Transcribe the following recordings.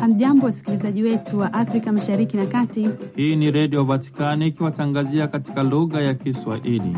Hamjambo, wasikilizaji wetu wa Afrika mashariki na kati. Hii ni Redio Vatikani ikiwatangazia katika lugha ya Kiswahili.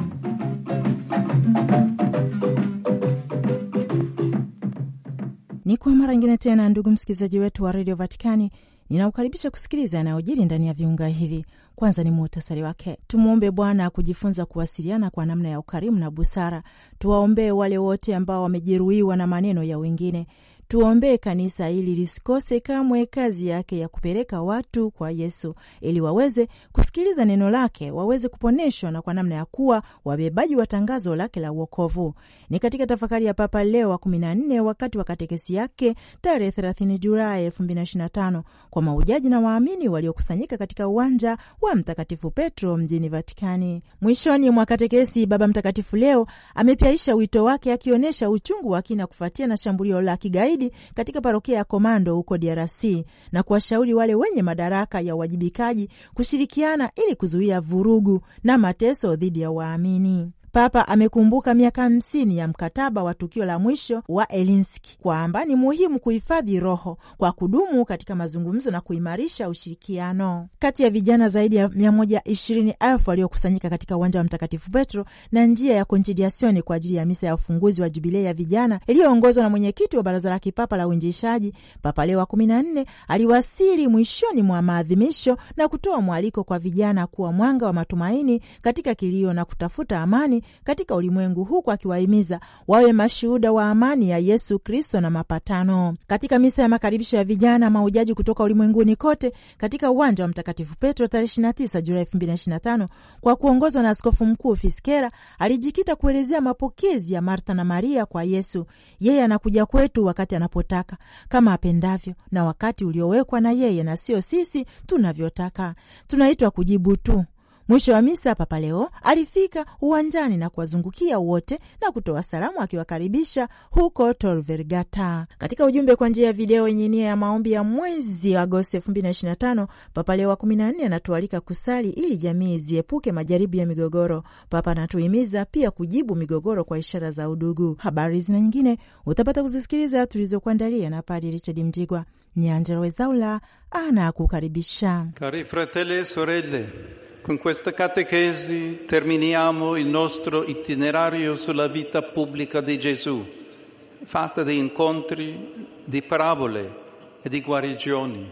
Ni kwa mara nyingine tena, ndugu msikilizaji wetu wa Redio Vatikani Ninaukaribisha kusikiliza yanayojiri ndani ya viunga hivi. Kwanza ni muhtasari wake. Tumwombe Bwana kujifunza kuwasiliana kwa namna ya ukarimu na busara. Tuwaombee wale wote ambao wamejeruhiwa na maneno ya wengine. Tuombee kanisa hili lisikose kamwe kazi yake ya kupeleka watu kwa Yesu ili waweze kusikiliza neno lake, waweze kuponeshwa na kwa namna ya kuwa wabebaji wa tangazo lake la uokovu. Ni katika tafakari ya Papa Leo wa 14 wakati wa katekesi yake tarehe 30 Julai 2025 kwa maujaji na waamini waliokusanyika katika uwanja wa Mtakatifu Petro mjini Vatikani. Mwishoni mwa katekesi, Baba Mtakatifu leo amepyaisha wito wake, akionyesha uchungu wa kina kufuatia na shambulio la kigaidi zaidi katika parokia ya Komando huko DRC na kuwashauri wale wenye madaraka ya uwajibikaji kushirikiana ili kuzuia vurugu na mateso dhidi ya waamini. Papa amekumbuka miaka hamsini ya mkataba wa tukio la mwisho wa Helsinki kwamba ni muhimu kuhifadhi roho kwa kudumu katika mazungumzo na kuimarisha ushirikiano kati ya vijana zaidi ya mia moja ishirini elfu waliokusanyika katika uwanja wa Mtakatifu Petro na njia ya Kontidiasioni kwa ajili ya misa ya ufunguzi wa Jubilei ya vijana iliyoongozwa na mwenyekiti wa Baraza la Kipapa la uinjishaji Papa Leo wa kumi na nne aliwasili mwishoni mwa maadhimisho na kutoa mwaliko kwa vijana kuwa mwanga wa matumaini katika kilio na kutafuta amani katika ulimwengu, huku akiwahimiza wawe mashuhuda wa amani ya Yesu Kristo na mapatano. Katika misa ya makaribisho ya vijana mahujaji kutoka ulimwenguni kote katika uwanja wa Mtakatifu Petro tarehe 29 Julai 2025 kwa kuongozwa na Askofu Mkuu Fiskera, alijikita kuelezea mapokezi ya Martha na Maria kwa Yesu. Yeye anakuja kwetu wakati anapotaka kama apendavyo na wakati uliowekwa na yeye, na sio sisi tunavyotaka. Tunaitwa kujibu tu Mwisho wa misa, Papa Leo alifika uwanjani na kuwazungukia wote na kutoa salamu akiwakaribisha huko Tor Vergata. Katika ujumbe kwa njia ya video yenye nia ya maombi ya mwezi Agosti 2025, Papa Leo wa 14 anatualika kusali ili jamii ziepuke majaribu ya migogoro. Papa anatuhimiza pia kujibu migogoro kwa ishara za udugu. Habari zina nyingine utapata kuzisikiliza tulizokuandalia na Padre Richard Mjigwa. Ni Angela Wezaula anakukaribisha. Cari fratelli e sorelle Con questa catechesi terminiamo il nostro itinerario sulla vita pubblica di Gesù, fatta di incontri, di parabole e di guarigioni.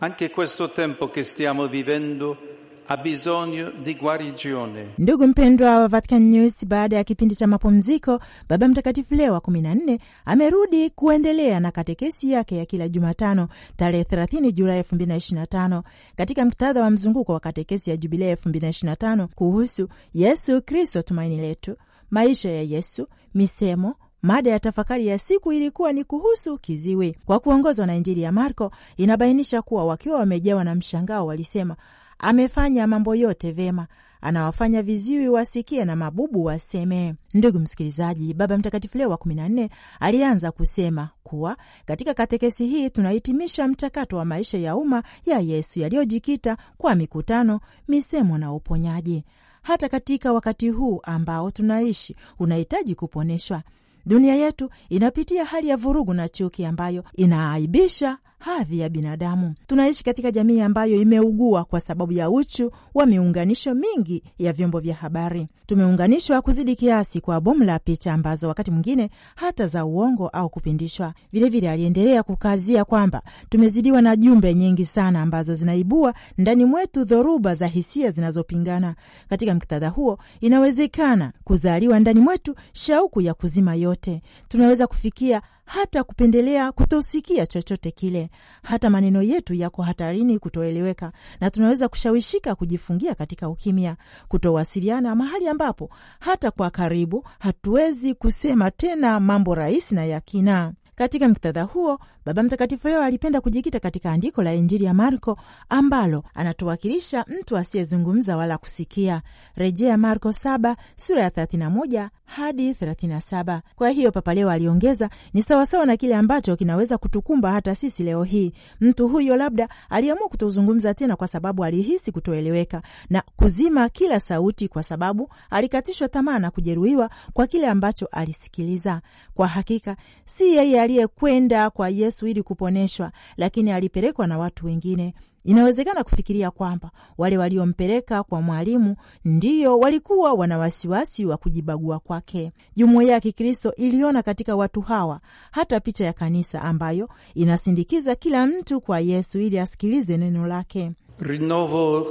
Anche questo tempo che stiamo vivendo ha bisogno di guarigione. Ndugu mpendwa wa Vatican News, baada ya kipindi cha mapumziko, Baba Mtakatifu Leo wa 14 amerudi kuendelea na katekesi yake ya kila Jumatano tarehe 30 Julai 2025 katika mktadha wa mzunguko wa katekesi ya Jubilei 2025 kuhusu Yesu Kristo tumaini letu, maisha ya Yesu, misemo Mada ya tafakari ya siku ilikuwa ni kuhusu kiziwi. Kwa kuongozwa na Injili ya Marko, inabainisha kuwa wakiwa wamejawa na mshangao, walisema amefanya mambo yote vema, anawafanya viziwi wasikie na mabubu waseme. Ndugu msikilizaji, Baba Mtakatifu Leo wa kumi na nne alianza kusema kuwa katika katekesi hii tunahitimisha mchakato wa maisha ya umma ya Yesu yaliyojikita kwa mikutano, misemo na uponyaji. Hata katika wakati huu ambao tunaishi unahitaji kuponeshwa. Dunia yetu inapitia hali ya vurugu na chuki ambayo inaaibisha hadhi ya binadamu. Tunaishi katika jamii ambayo imeugua kwa sababu ya uchu wa miunganisho mingi ya vyombo vya habari. Tumeunganishwa kuzidi kiasi kwa bomu la picha ambazo wakati mwingine hata za uongo au kupindishwa. Vilevile aliendelea kukazia kwamba tumezidiwa na jumbe nyingi sana ambazo zinaibua ndani mwetu dhoruba za hisia zinazopingana. Katika muktadha huo, inawezekana kuzaliwa ndani mwetu shauku ya kuzima yote. Tunaweza kufikia hata kupendelea kutosikia chochote kile. Hata maneno yetu yako hatarini kutoeleweka, na tunaweza kushawishika kujifungia katika ukimya, kutowasiliana, mahali ambapo hata kwa karibu hatuwezi kusema tena mambo rahisi na ya kina. Katika muktadha huo, Baba Mtakatifu leo alipenda kujikita katika andiko la Injili ya Marko ambalo anatuwakilisha mtu asiyezungumza wala kusikia. Rejea Marko 7 sura ya 31 hadi 37. Kwa hiyo Papa Leo aliongeza, ni sawasawa na kile ambacho kinaweza kutukumba hata sisi leo hii. Mtu huyo labda aliamua kutozungumza tena kwa sababu alihisi kutoeleweka na kuzima kila sauti, kwa sababu alikatishwa tamaa na kujeruhiwa kwa kile ambacho alisikiliza. Kwa hakika si yeye aliyekwenda kwa Yesu ili kuponeshwa, lakini alipelekwa na watu wengine. Inawezekana kufikiria kwamba wale waliompeleka kwa mwalimu ndiyo walikuwa wana wasiwasi wa kujibagua kwake. Jumuiya ya Kikristo iliona katika watu hawa hata picha ya kanisa ambayo inasindikiza kila mtu kwa Yesu ili asikilize neno lake. Rinnovo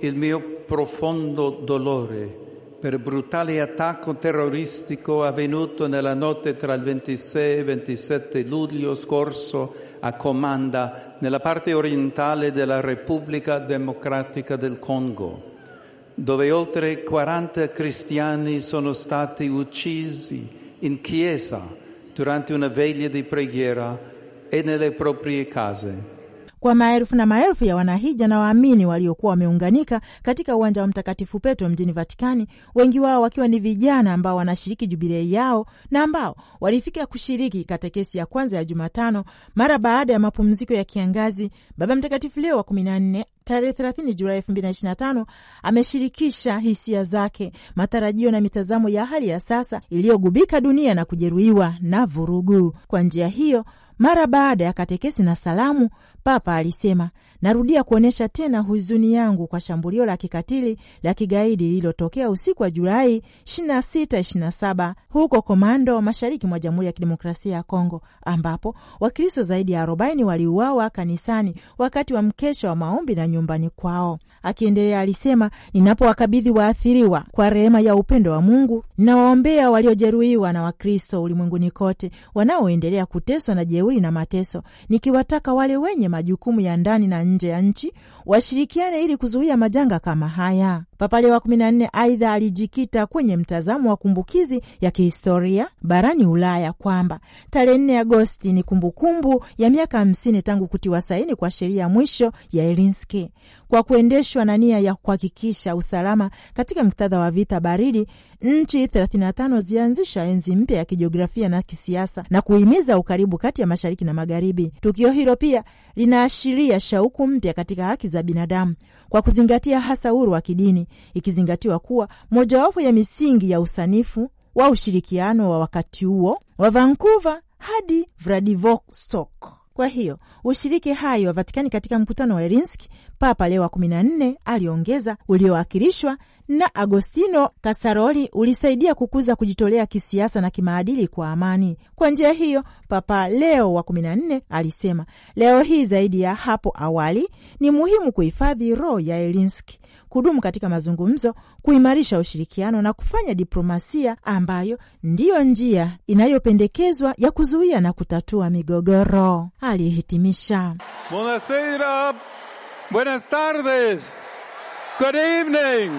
il mio profondo dolore per brutale attacco terroristico avvenuto nella notte tra il 26 e 27 luglio scorso a Comanda, nella parte orientale della Repubblica Democratica del Congo, dove oltre 40 cristiani sono stati uccisi in chiesa durante una veglia di preghiera e nelle proprie case. kwa maelfu na maelfu ya wanahija na waamini waliokuwa wameunganika katika uwanja wa Mtakatifu Petro mjini Vatikani, wengi wao wakiwa ni vijana ambao wanashiriki jubilei yao na ambao walifika kushiriki katekesi ya kwanza ya Jumatano mara baada ya mapumziko ya kiangazi. Baba Mtakatifu Leo wa kumi na nne tarehe 30 Julai 2025 ameshirikisha hisia zake, matarajio na mitazamo ya hali ya sasa iliyogubika dunia na kujeruhiwa na vurugu. Kwa njia hiyo, mara baada ya katekesi na salamu, Papa alisema, narudia kuonyesha tena huzuni yangu kwa shambulio la kikatili la kigaidi lililotokea usiku wa Julai 26 27 huko Komando, mashariki mwa Jamhuri ya Kidemokrasia ya Kongo, ambapo Wakristo zaidi ya 40 waliuawa kanisani wakati wa mkesha wa maombi na nyumbani kwao. Akiendelea alisema, ninapowakabidhi waathiriwa kwa rehema ya upendo wa Mungu, nawaombea waliojeruhiwa na Wakristo ulimwenguni kote wanaoendelea kuteswa na jeuri na mateso, nikiwataka wale wenye majukumu ya ndani na nje ya nchi washirikiane ili kuzuia majanga kama haya. Papa Leo wa 14 aidha alijikita kwenye mtazamo wa kumbukizi ya kihistoria barani Ulaya kwamba tarehe 4 Agosti ni kumbukumbu kumbu ya miaka hamsini tangu kutiwa saini kwa sheria ya mwisho ya Helsinki kwa kuendeshwa na nia ya kuhakikisha usalama katika muktadha wa vita baridi nchi 35 zilianzisha enzi mpya ya kijiografia na kisiasa na kuhimiza ukaribu kati ya mashariki na magharibi. Tukio hilo pia linaashiria shauku mpya katika haki za binadamu kwa kuzingatia hasa uhuru wa kidini, ikizingatiwa kuwa mojawapo ya misingi ya usanifu wa ushirikiano wa wakati huo wa Vancouver hadi Vladivostok. Kwa hiyo ushiriki hai wa Vatikani katika mkutano wa Helsinki, Papa Leo wa 14 aliongeza, uliowakilishwa na Agostino Kasaroli ulisaidia kukuza kujitolea kisiasa na kimaadili kwa amani. Kwa njia hiyo, Papa Leo wa kumi na nne alisema, leo hii zaidi ya hapo awali ni muhimu kuhifadhi roho ya Elinski, kudumu katika mazungumzo, kuimarisha ushirikiano na kufanya diplomasia ambayo ndiyo njia inayopendekezwa ya kuzuia na kutatua migogoro, alihitimisha. Buonasera, buenas tardes Good evening.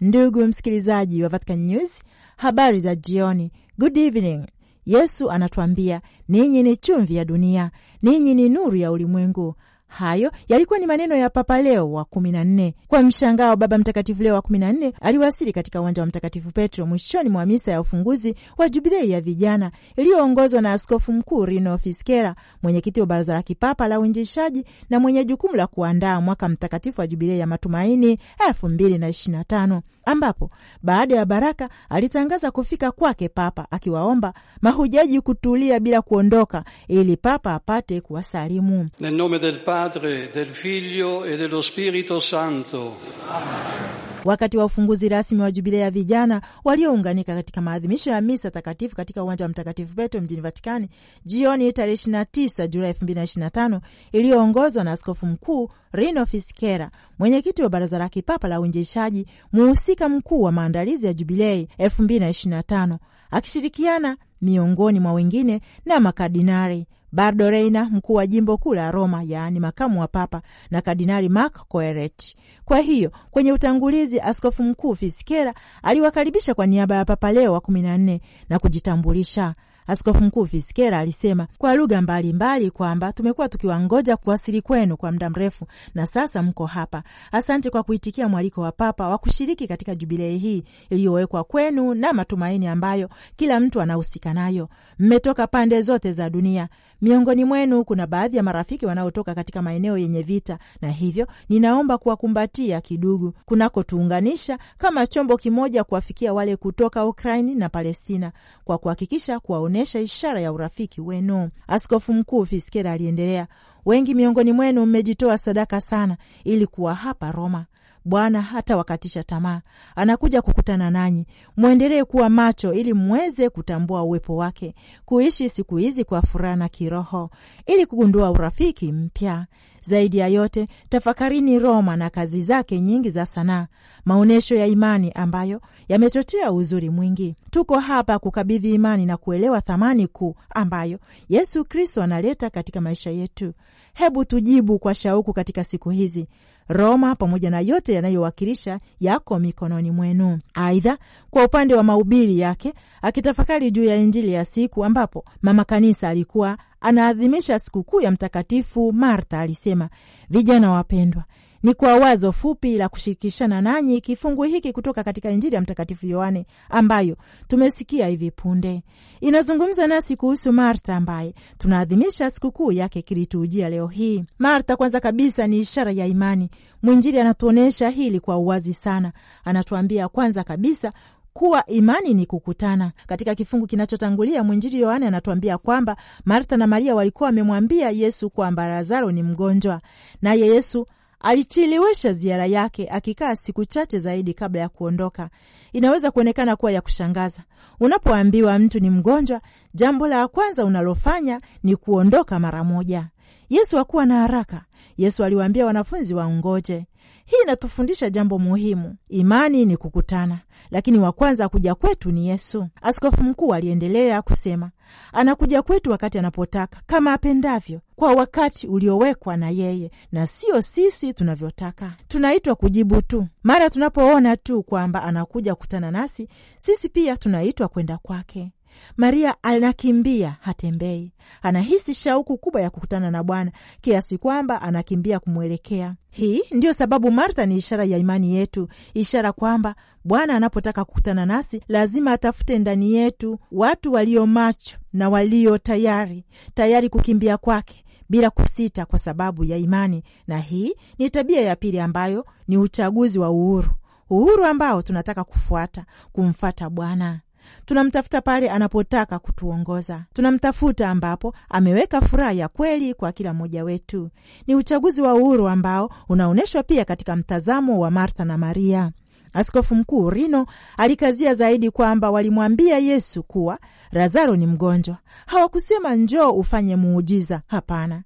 Ndugu msikilizaji wa Vatican News, habari za jioni. Good evening. Yesu anatuambia ninyi ni chumvi ya dunia, ninyi ni nuru ya ulimwengu. Hayo yalikuwa ni maneno ya Papa Leo wa kumi na nne. Kwa mshangao, Baba Mtakatifu Leo wa kumi na nne aliwasili katika uwanja wa Mtakatifu Petro mwishoni mwa misa ya ufunguzi wa Jubilei ya vijana iliyoongozwa na Askofu Mkuu Rino Fiskera, mwenyekiti wa Baraza la Kipapa la Uinjishaji na mwenye jukumu la kuandaa mwaka mtakatifu wa Jubilei ya matumaini elfu mbili na ishirini na tano ambapo baada ya baraka alitangaza kufika kwake Papa akiwaomba mahujaji kutulia bila kuondoka ili Papa apate kuwasalimu. Nel nome del Padre del Figlio e dello Spirito Santo, amen. Wakati wa ufunguzi rasmi wa jubilei ya vijana waliounganika katika maadhimisho ya misa takatifu katika uwanja wa Mtakatifu Petro mjini Vatikani jioni tarehe 29 Julai 2025 iliyoongozwa na askofu mkuu Rino Fiskera, mwenyekiti wa baraza la kipapa la uinjishaji, muhusika mkuu wa maandalizi ya jubilei 2025, akishirikiana miongoni mwa wengine na makardinari Bardo Reina, mkuu wa jimbo kuu la Roma, yaani makamu wa papa, na Kardinali Mark Coeret. Kwa hiyo kwenye utangulizi, askofu mkuu Fiskera aliwakaribisha kwa niaba ya Papa Leo wa kumi na nne na kujitambulisha Askofu Mkuu Fiskera alisema kwa lugha mbalimbali kwamba tumekuwa tukiwangoja kuwasili kwenu kwa muda mrefu na sasa mko hapa. Asante kwa kuitikia mwaliko wa Papa wa kushiriki katika jubilei hii iliyowekwa kwenu na matumaini ambayo kila mtu anahusika nayo. Mmetoka pande zote za dunia. Miongoni mwenu kuna baadhi ya marafiki wanaotoka katika maeneo yenye vita, na hivyo ninaomba kuwakumbatia kidugu kunakotuunganisha kama chombo kimoja kuwafikia wale kutoka Ukraini na Palestina kwa kuhakikisha kuwa kuonyesha ishara ya urafiki wenu. Askofu Mkuu Fiskera aliendelea, wengi miongoni mwenu mmejitoa sadaka sana ili kuwa hapa Roma. Bwana hata wakatisha tamaa, anakuja kukutana nanyi. Mwendelee kuwa macho ili mweze kutambua uwepo wake, kuishi siku hizi kwa furaha na kiroho, ili kugundua urafiki mpya. Zaidi ya yote, tafakarini Roma na kazi zake nyingi za sanaa, maonyesho ya imani ambayo yamechochea uzuri mwingi. Tuko hapa kukabidhi imani na kuelewa thamani kuu ambayo Yesu Kristo analeta katika maisha yetu. Hebu tujibu kwa shauku katika siku hizi, Roma pamoja na yote yanayowakilisha yako mikononi mwenu. Aidha, kwa upande wa mahubiri yake, akitafakari juu ya Injili ya siku ambapo mama kanisa alikuwa anaadhimisha sikukuu ya Mtakatifu Martha, alisema: vijana wapendwa, ni kwa wazo fupi la kushirikishana nanyi kifungu hiki kutoka katika Injili ya Mtakatifu Yohane ambayo tumesikia hivi punde. Inazungumza nasi kuhusu Marta ambaye tunaadhimisha sikukuu yake kilituujia leo hii. Marta kwanza kabisa ni ishara ya imani. Mwinjili anatuonyesha hili kwa uwazi sana. Anatuambia kwanza kabisa kuwa imani ni kukutana. Katika kifungu kinachotangulia, mwinjili Yohane anatuambia kwamba Martha na Maria walikuwa wamemwambia Yesu kwamba Lazaro ni mgonjwa, naye Yesu alichelewesha ziara yake akikaa siku chache zaidi kabla ya kuondoka. Inaweza kuonekana kuwa ya kushangaza. Unapoambiwa mtu ni mgonjwa, jambo la kwanza unalofanya ni kuondoka mara moja. Yesu hakuwa na haraka. Yesu aliwaambia wanafunzi waongoje. Hii inatufundisha jambo muhimu: imani ni kukutana, lakini wa kwanza kuja kwetu ni Yesu. Askofu mkuu aliendelea kusema, anakuja kwetu wakati anapotaka, kama apendavyo, kwa wakati uliowekwa na yeye, na sio sisi tunavyotaka. Tunaitwa kujibu tu. Mara tunapoona tu kwamba anakuja kukutana nasi, sisi pia tunaitwa kwenda kwake. Maria anakimbia, hatembei. Anahisi shauku kubwa ya kukutana na Bwana kiasi kwamba anakimbia kumwelekea. Hii ndiyo sababu Martha ni ishara ya imani yetu, ishara kwamba Bwana anapotaka kukutana nasi lazima atafute ndani yetu watu walio macho na walio tayari, tayari kukimbia kwake bila kusita kwa sababu ya imani. Na hii ni tabia ya pili ambayo ni uchaguzi wa uhuru, uhuru ambao tunataka kufuata, kumfata Bwana. Tunamtafuta pale anapotaka kutuongoza, tunamtafuta ambapo ameweka furaha ya kweli kwa kila mmoja wetu. Ni uchaguzi wa uhuru ambao unaonyeshwa pia katika mtazamo wa Martha na Maria. Askofu Mkuu Rino alikazia zaidi kwamba walimwambia Yesu kuwa Lazaro ni mgonjwa. Hawakusema njoo ufanye muujiza. Hapana,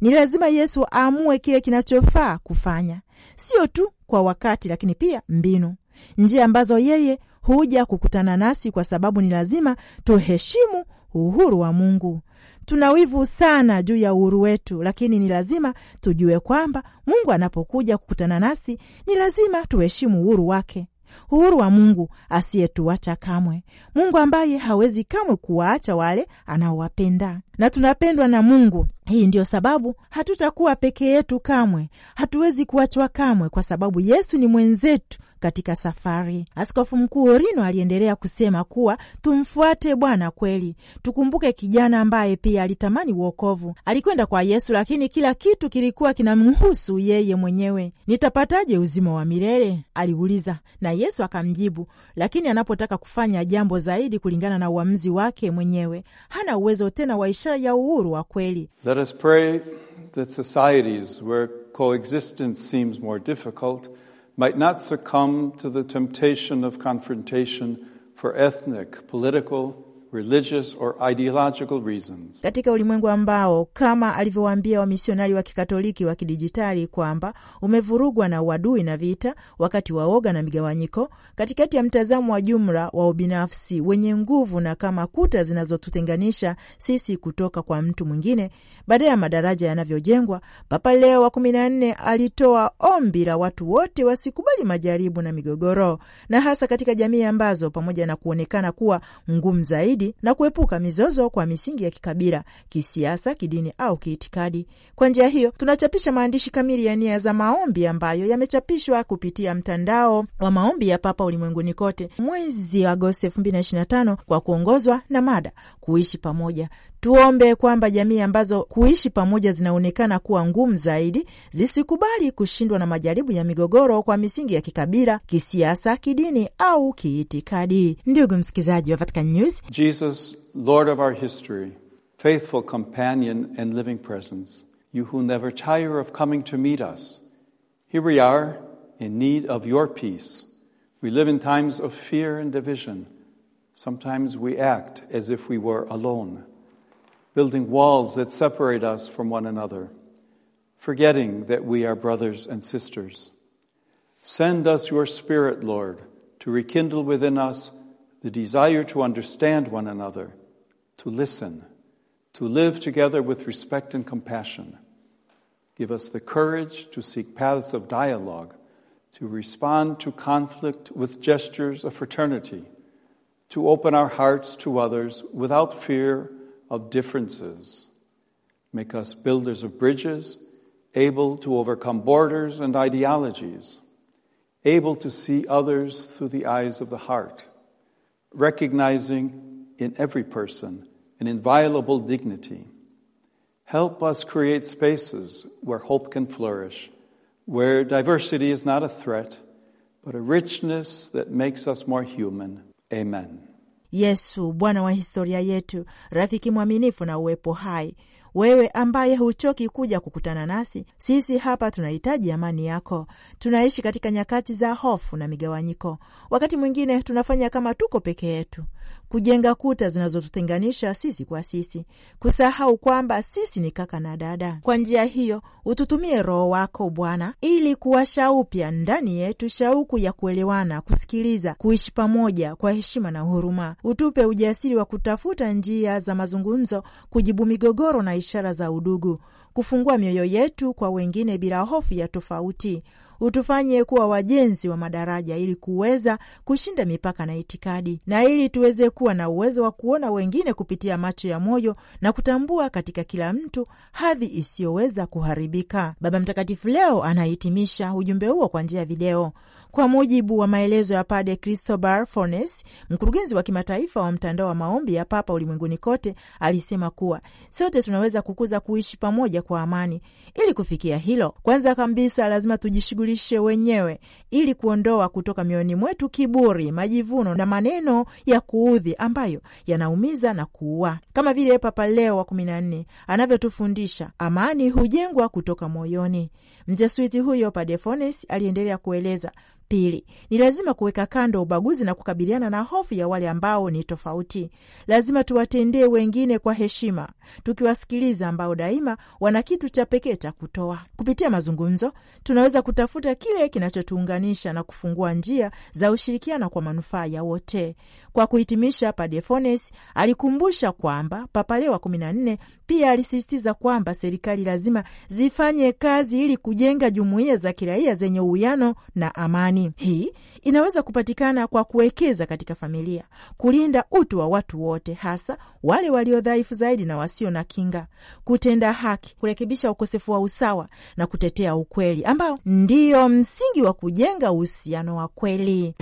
ni lazima Yesu aamue kile kinachofaa kufanya, sio tu kwa wakati, lakini pia mbinu, njia ambazo yeye huja kukutana nasi kwa sababu ni lazima tuheshimu uhuru wa Mungu. Tuna wivu sana juu ya uhuru wetu, lakini ni lazima tujue kwamba Mungu anapokuja kukutana nasi ni lazima tuheshimu uhuru wake, uhuru wa Mungu asiyetuacha kamwe, Mungu ambaye hawezi kamwe kuwaacha wale anaowapenda na tunapendwa na Mungu. Hii ndiyo sababu hatutakuwa peke yetu kamwe, hatuwezi kuachwa kamwe, kwa sababu Yesu ni mwenzetu katika safari. Askofu Mkuu Orino aliendelea kusema kuwa tumfuate Bwana kweli, tukumbuke kijana ambaye pia alitamani uokovu. Alikwenda kwa Yesu, lakini kila kitu kilikuwa kinamhusu yeye mwenyewe. Nitapataje uzima wa milele? aliuliza, na Yesu akamjibu, lakini anapotaka kufanya jambo zaidi kulingana na uamuzi wake mwenyewe, hana uwezo tena wa ishara ya uhuru wa kweli. Let us pray that societies where coexistence seems more difficult might not succumb to the temptation of confrontation for ethnic, political, religious or ideological reasons. Katika ulimwengu ambao kama alivyowaambia wamisionari wa Kikatoliki wa kidijitali kwamba umevurugwa na uadui na vita, wakati wa woga na migawanyiko, katikati ya mtazamo wa jumla wa ubinafsi wenye nguvu na kama kuta zinazotutenganisha sisi kutoka kwa mtu mwingine, baada ya madaraja yanavyojengwa, Papa Leo wa kumi na nne alitoa ombi la watu wote wasikubali majaribu na migogoro, na hasa katika jamii ambazo pamoja na kuonekana kuwa ngumu zaidi zaidi na kuepuka mizozo kwa misingi ya kikabila, kisiasa, kidini au kiitikadi. Kwa njia hiyo, tunachapisha maandishi kamili ya nia za maombi ambayo yamechapishwa kupitia mtandao wa maombi ya Papa ulimwenguni kote mwezi Agosti 2025 kwa kuongozwa na mada kuishi pamoja Tuombe kwamba jamii ambazo kuishi pamoja zinaonekana kuwa ngumu zaidi zisikubali kushindwa na majaribu ya migogoro kwa misingi ya kikabila, kisiasa, kidini au kiitikadi. Ndugu msikilizaji wa Vatican News, Jesus Lord of our history faithful companion and living presence you who never tire of coming to meet us here we are in need of your peace we live in times of fear and division sometimes we act as if we were alone building walls that separate us from one another, forgetting that we are brothers and sisters. Send us your Spirit, Lord, to rekindle within us the desire to understand one another, to listen, to live together with respect and compassion. Give us the courage to seek paths of dialogue, to respond to conflict with gestures of fraternity, to open our hearts to others without fear of differences. Make us builders of bridges, able to overcome borders and ideologies, able to see others through the eyes of the heart, recognizing in every person an inviolable dignity. Help us create spaces where hope can flourish, where diversity is not a threat, but a richness that makes us more human. Amen. Yesu, Bwana wa historia yetu, rafiki mwaminifu na uwepo hai, wewe ambaye huchoki kuja kukutana nasi sisi hapa, tunahitaji amani yako. Tunaishi katika nyakati za hofu na migawanyiko, wakati mwingine tunafanya kama tuko peke yetu kujenga kuta zinazotutenganisha sisi kwa sisi, kusahau kwamba sisi ni kaka na dada. Kwa njia hiyo, ututumie Roho wako Bwana ili kuwasha upya ndani yetu shauku ya kuelewana, kusikiliza, kuishi pamoja kwa heshima na huruma. Utupe ujasiri wa kutafuta njia za mazungumzo, kujibu migogoro na ishara za udugu kufungua mioyo yetu kwa wengine bila hofu ya tofauti. Utufanye kuwa wajenzi wa madaraja ili kuweza kushinda mipaka na itikadi, na ili tuweze kuwa na uwezo wa kuona wengine kupitia macho ya moyo na kutambua katika kila mtu hadhi isiyoweza kuharibika. Baba Mtakatifu leo anahitimisha ujumbe huo kwa njia ya video. Kwa mujibu wa maelezo ya Padre Cristobal Fornes, mkurugenzi wa kimataifa wa mtandao wa maombi ya Papa ulimwenguni kote, alisema kuwa sote tunaweza kukuza kuishi pamoja kwa amani. Ili kufikia hilo, kwanza kabisa lazima tujishughulishe wenyewe, ili kuondoa kutoka mioyoni mwetu kiburi, majivuno na maneno ya kuudhi ambayo yanaumiza na kuua, kama vile Papa Leo wa kumi na nne anavyotufundisha, amani hujengwa kutoka moyoni. Mjesuiti huyo Padre Fornes aliendelea kueleza Pili, ni lazima kuweka kando ubaguzi na kukabiliana na hofu ya wale ambao ni tofauti. Lazima tuwatendee wengine kwa heshima, tukiwasikiliza ambao daima wana kitu cha pekee cha kutoa. Kupitia mazungumzo, tunaweza kutafuta kile kinachotuunganisha na kufungua njia za ushirikiano kwa manufaa ya wote. Kwa kuhitimisha, Padre alikumbusha kwamba Papa Leo wa pia alisisitiza kwamba serikali lazima zifanye kazi ili kujenga jumuiya za kiraia zenye uwiano na amani. Hii inaweza kupatikana kwa kuwekeza katika familia, kulinda utu wa watu wote, hasa wale walio dhaifu zaidi na wasio na kinga, kutenda haki, kurekebisha ukosefu wa usawa na kutetea ukweli, ambao ndiyo msingi wa kujenga uhusiano wa kweli.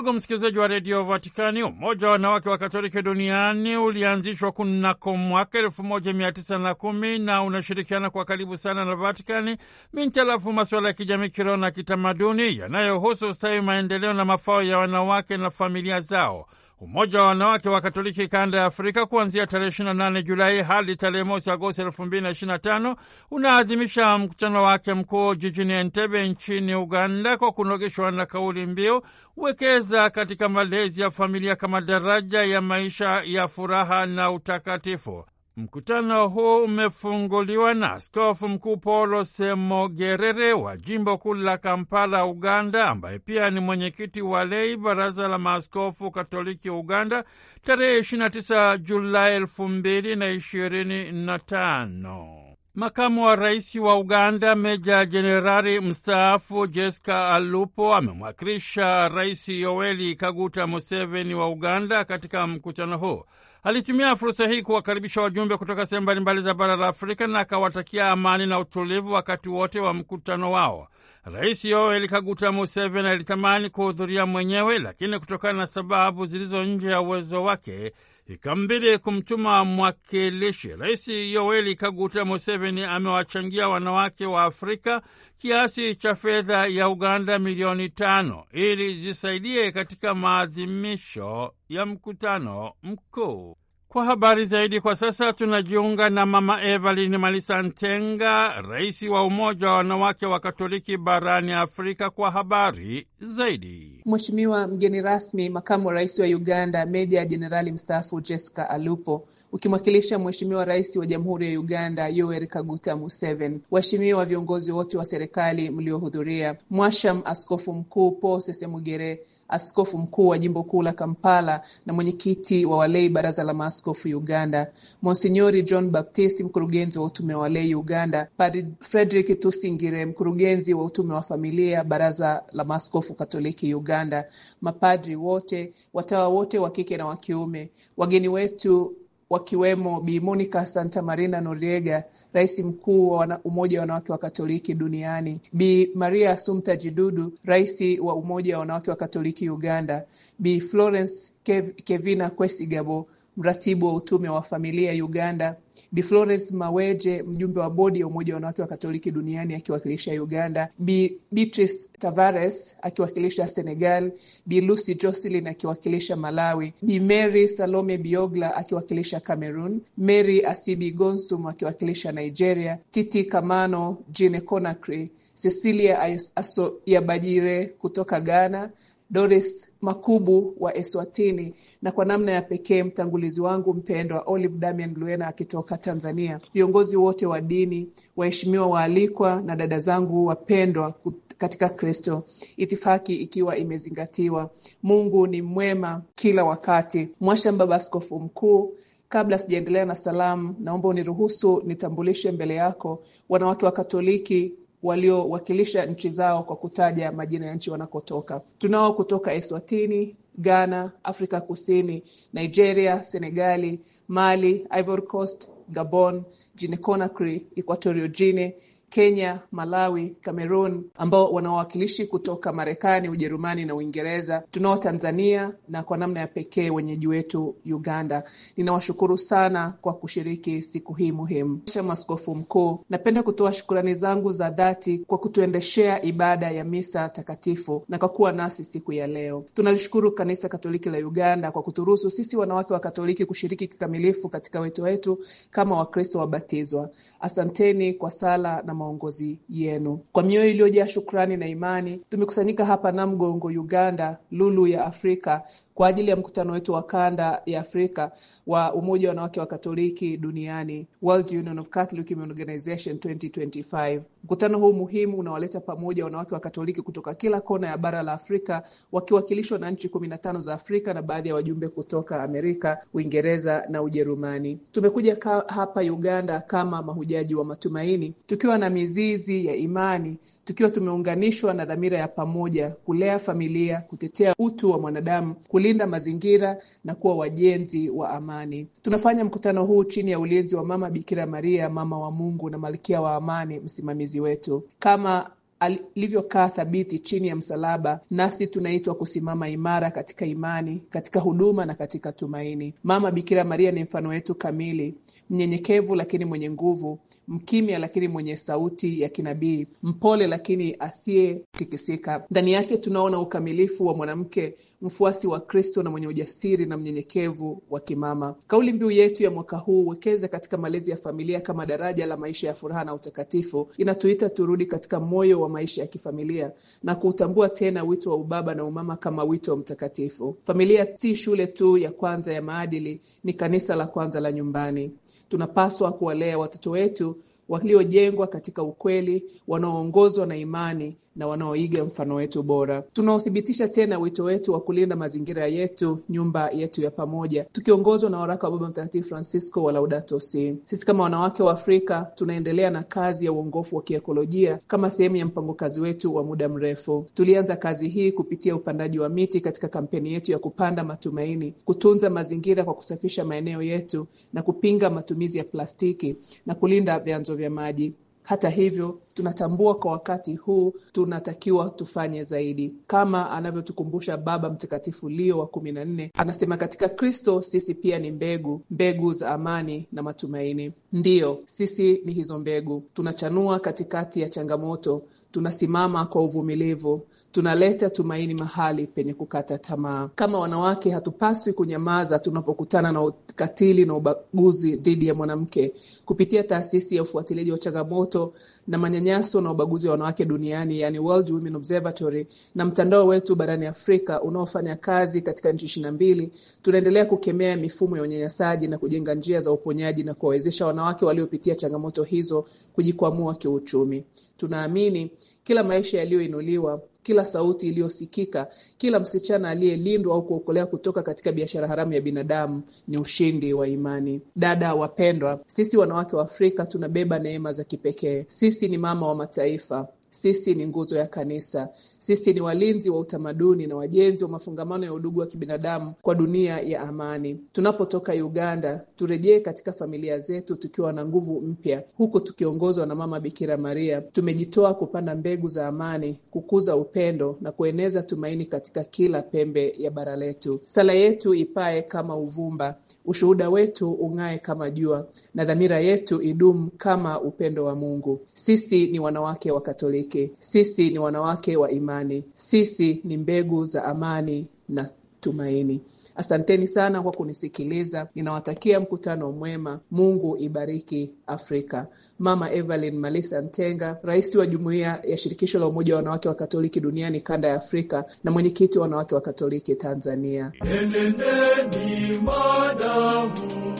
Ndugu msikilizaji wa redio Vatikani, umoja wa wanawake wa Katoliki duniani ulianzishwa kunako mwaka elfu moja mia tisa na kumi na unashirikiana kwa karibu sana na Vatikani mintarafu masuala ya kijamii, kiroho na kitamaduni yanayohusu ustawi, maendeleo na mafao ya wanawake na familia zao. Umoja wa wanawake wa Katoliki kanda ya Afrika kuanzia tarehe 28 Julai hadi tarehe mosi Agosti 2025 unaadhimisha mkutano wake mkuu jijini Entebbe nchini Uganda kwa kunogeshwa na kauli mbiu wekeza katika malezi ya familia kama daraja ya maisha ya furaha na utakatifu. Mkutano huu umefunguliwa na Askofu Mkuu Paulo Semogerere wa jimbo kuu la Kampala, Uganda, ambaye pia ni mwenyekiti wa lei baraza la maaskofu Katoliki Uganda, tarehe 29 Julai 2025. Makamu wa rais wa Uganda meja jenerali mstaafu Jessica Alupo amemwakilisha Rais Yoweri Kaguta Museveni wa Uganda katika mkutano huu. Alitumia fursa hii kuwakaribisha wajumbe kutoka sehemu mbalimbali za bara la Afrika na akawatakia amani na utulivu wakati wote wa mkutano wao. Rais Yoweri Kaguta Museveni alitamani kuhudhuria mwenyewe, lakini kutokana na sababu zilizo nje ya uwezo wake ikambidi kumtuma mwakilishi. Rais Yoweri Kaguta Museveni amewachangia wanawake wa Afrika kiasi cha fedha ya Uganda milioni tano ili zisaidie katika maadhimisho ya mkutano mkuu. Kwa habari zaidi kwa sasa tunajiunga na Mama Evelyn Malisa Ntenga, rais wa Umoja wa Wanawake wa Katoliki barani Afrika. Kwa habari zaidi, Mheshimiwa mgeni rasmi, makamu wa rais wa Uganda, meja ya jenerali mstaafu Jessica Alupo, ukimwakilisha Mheshimiwa rais wa Jamhuri ya Uganda Yoweri Kaguta Museveni, waheshimiwa viongozi wote wa serikali mliohudhuria, Mwasham askofu mkuu Paul Sesemugere, askofu mkuu wa jimbo kuu la Kampala na mwenyekiti wa walei baraza la mas maaskofu Uganda, Monsinyori John Baptist, mkurugenzi wa utume wa lei Uganda, Padri Frederick Tusingire, mkurugenzi wa utume wa familia, baraza la maaskofu Katoliki Uganda, mapadri wote, watawa wote wa kike na wa kiume, wageni wetu wakiwemo Bi Monica Santa Marina Noriega, rais mkuu wa Umoja wa Wanawake wa Katoliki Duniani, Bi Maria Assumpta Jidudu, rais wa Umoja wa Wanawake wa Katoliki Uganda, Bi Florence Kev Kevina Kwesigabo, mratibu wa utume wa familia Uganda, Bi Florence Maweje, mjumbe wa bodi ya Umoja wa Wanawake wa Katoliki duniani akiwakilisha Uganda, Bi Beatrice Tavares akiwakilisha Senegal, Bi Lucy Jocelyn akiwakilisha Malawi, Bi Mary Salome Biogla akiwakilisha Cameroon, Mary Asibi Gonsum akiwakilisha Nigeria, Titi Kamano Gine Conakry, Cecilia Aso Yabajire kutoka Ghana Doris Makubu wa Eswatini na kwa namna ya pekee mtangulizi wangu mpendwa Olive Damian Luena akitoka Tanzania, viongozi wote wa dini, waheshimiwa waalikwa na dada zangu wapendwa katika Kristo, itifaki ikiwa imezingatiwa. Mungu ni mwema kila wakati. Mwasha Baba Askofu Mkuu, Kabla sijaendelea na salamu, naomba uniruhusu nitambulishe mbele yako wanawake wa Katoliki waliowakilisha nchi zao kwa kutaja majina ya nchi wanakotoka. Tunao kutoka Eswatini, Ghana, Afrika Kusini, Nigeria, Senegali, Mali, Ivory Coast, Gabon, Guinea Conakry, Equatorio Guinea, Kenya, Malawi, Cameroon ambao wanawawakilishi kutoka Marekani, Ujerumani na Uingereza. Tunao Tanzania na kwa namna ya pekee wenyeji wetu Uganda. Ninawashukuru sana kwa kushiriki siku hii muhimu. Maskofu Mkuu, napenda kutoa shukurani zangu za dhati kwa kutuendeshea ibada ya misa takatifu na kwa kuwa nasi siku ya leo. Tunalishukuru Kanisa Katoliki la Uganda kwa kuturuhusu sisi wanawake wa Katoliki kushiriki kikamilifu katika wito wetu kama Wakristo wabatizwa. Asanteni kwa sala na maongozi yenu. Kwa mioyo iliyojaa shukrani na imani, tumekusanyika hapa Namgongo, Uganda, lulu ya Afrika, kwa ajili ya mkutano wetu wa kanda ya Afrika wa Umoja wa Wanawake wa Katoliki Duniani, World Union of Catholic Women Organization 2025. Mkutano huu muhimu unawaleta pamoja wanawake wa Katoliki kutoka kila kona ya bara la Afrika wakiwakilishwa na nchi kumi na tano za Afrika na baadhi ya wajumbe kutoka Amerika, Uingereza na Ujerumani. Tumekuja ka, hapa Uganda kama mahujaji wa matumaini, tukiwa na mizizi ya imani, tukiwa tumeunganishwa na dhamira ya pamoja kulea familia, kutetea utu wa mwanadamu, kulinda mazingira na kuwa wajenzi wa amani amani. Tunafanya mkutano huu chini ya ulinzi wa Mama Bikira Maria, mama wa Mungu na malkia wa amani, msimamizi wetu. Kama alivyokaa thabiti chini ya msalaba, nasi tunaitwa kusimama imara katika imani, katika huduma na katika tumaini. Mama Bikira Maria ni mfano wetu kamili, mnyenyekevu lakini mwenye nguvu, mkimya lakini mwenye sauti ya kinabii, mpole lakini asiyetikisika. Ndani yake tunaona ukamilifu wa mwanamke mfuasi wa Kristo na mwenye ujasiri na mnyenyekevu wa kimama. Kauli mbiu yetu ya mwaka huu, wekeza katika malezi ya familia kama daraja la maisha ya furaha na utakatifu, inatuita turudi katika moyo wa maisha ya kifamilia na kuutambua tena wito wa ubaba na umama kama wito mtakatifu. Familia si shule tu ya kwanza ya maadili, ni kanisa la kwanza la nyumbani. Tunapaswa kuwalea watoto wetu waliojengwa katika ukweli, wanaoongozwa na imani na wanaoiga mfano wetu bora. Tunaothibitisha tena wito wetu wa kulinda mazingira yetu, nyumba yetu ya pamoja, tukiongozwa na waraka wa Baba Mtakatifu Francisco wa Laudato Si. Sisi kama wanawake wa Afrika tunaendelea na kazi ya uongofu wa kiekolojia kama sehemu ya mpango kazi wetu wa muda mrefu. Tulianza kazi hii kupitia upandaji wa miti katika kampeni yetu ya kupanda matumaini, kutunza mazingira kwa kusafisha maeneo yetu na kupinga matumizi ya plastiki na kulinda vyanzo vya maji. Hata hivyo, tunatambua kwa wakati huu tunatakiwa tufanye zaidi, kama anavyotukumbusha Baba Mtakatifu Leo wa kumi na nne, anasema katika Kristo sisi pia ni mbegu, mbegu za amani na matumaini. Ndiyo, sisi ni hizo mbegu. Tunachanua katikati ya changamoto, tunasimama kwa uvumilivu, tunaleta tumaini mahali penye kukata tamaa. Kama wanawake, hatupaswi kunyamaza tunapokutana na ukatili na ubaguzi dhidi ya mwanamke. Kupitia taasisi ya ufuatiliaji wa changamoto na manyanyaso na ubaguzi wa wanawake duniani, yani World Women Observatory, na mtandao wetu barani Afrika unaofanya kazi katika nchi ishirini na mbili, tunaendelea kukemea mifumo ya unyanyasaji na kujenga njia za uponyaji na kuwawezesha wanawake waliopitia changamoto hizo kujikwamua kiuchumi. Tunaamini kila maisha yaliyoinuliwa, kila sauti iliyosikika, kila msichana aliyelindwa au kuokolewa kutoka katika biashara haramu ya binadamu ni ushindi wa imani. Dada wapendwa, sisi wanawake wa Afrika tunabeba neema za kipekee. Sisi ni mama wa mataifa, sisi ni nguzo ya kanisa. Sisi ni walinzi wa utamaduni na wajenzi wa mafungamano ya udugu wa kibinadamu kwa dunia ya amani. Tunapotoka Uganda, turejee katika familia zetu tukiwa na nguvu mpya, huku tukiongozwa na Mama Bikira Maria. Tumejitoa kupanda mbegu za amani, kukuza upendo na kueneza tumaini katika kila pembe ya bara letu. Sala yetu ipae kama uvumba, ushuhuda wetu ung'ae kama jua, na dhamira yetu idumu kama upendo wa Mungu. Sisi ni wanawake wa Katoliki. Waimarike. Sisi ni wanawake wa imani, sisi ni mbegu za amani na tumaini. Asanteni sana kwa kunisikiliza. Ninawatakia mkutano mwema. Mungu ibariki Afrika. Mama Evelyn Malisa Ntenga, rais wa Jumuiya ya Shirikisho la Umoja wa Wanawake wa Katoliki Duniani, kanda ya Afrika, na mwenyekiti wa wanawake wa Katoliki Tanzania. Enendeni madamu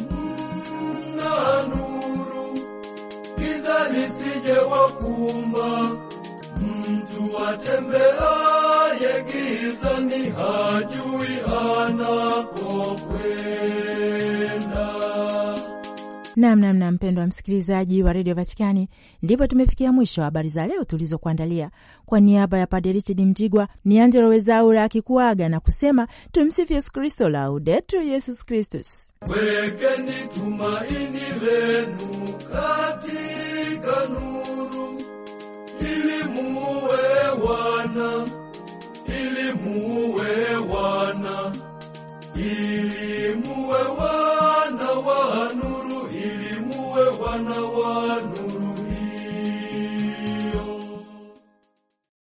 na nuru, giza lisije wakumba atembeaye gizani hajui anakokwenda. Namnamna mpendwa msikilizaji wa redio Vatikani, ndipo tumefikia mwisho wa habari za leo tulizokuandalia. Kwa niaba ya Padre Richard Mjigwa ni Angelo Wezaura akikuaga na kusema tumsifu Yesu Kristo, laudetur Yesus Kristus. Wekeni tumaini lenu katika nuru ili muwe wana, ili muwe wana, ili muwe wana wa nuru, ili muwe wana wa nuru.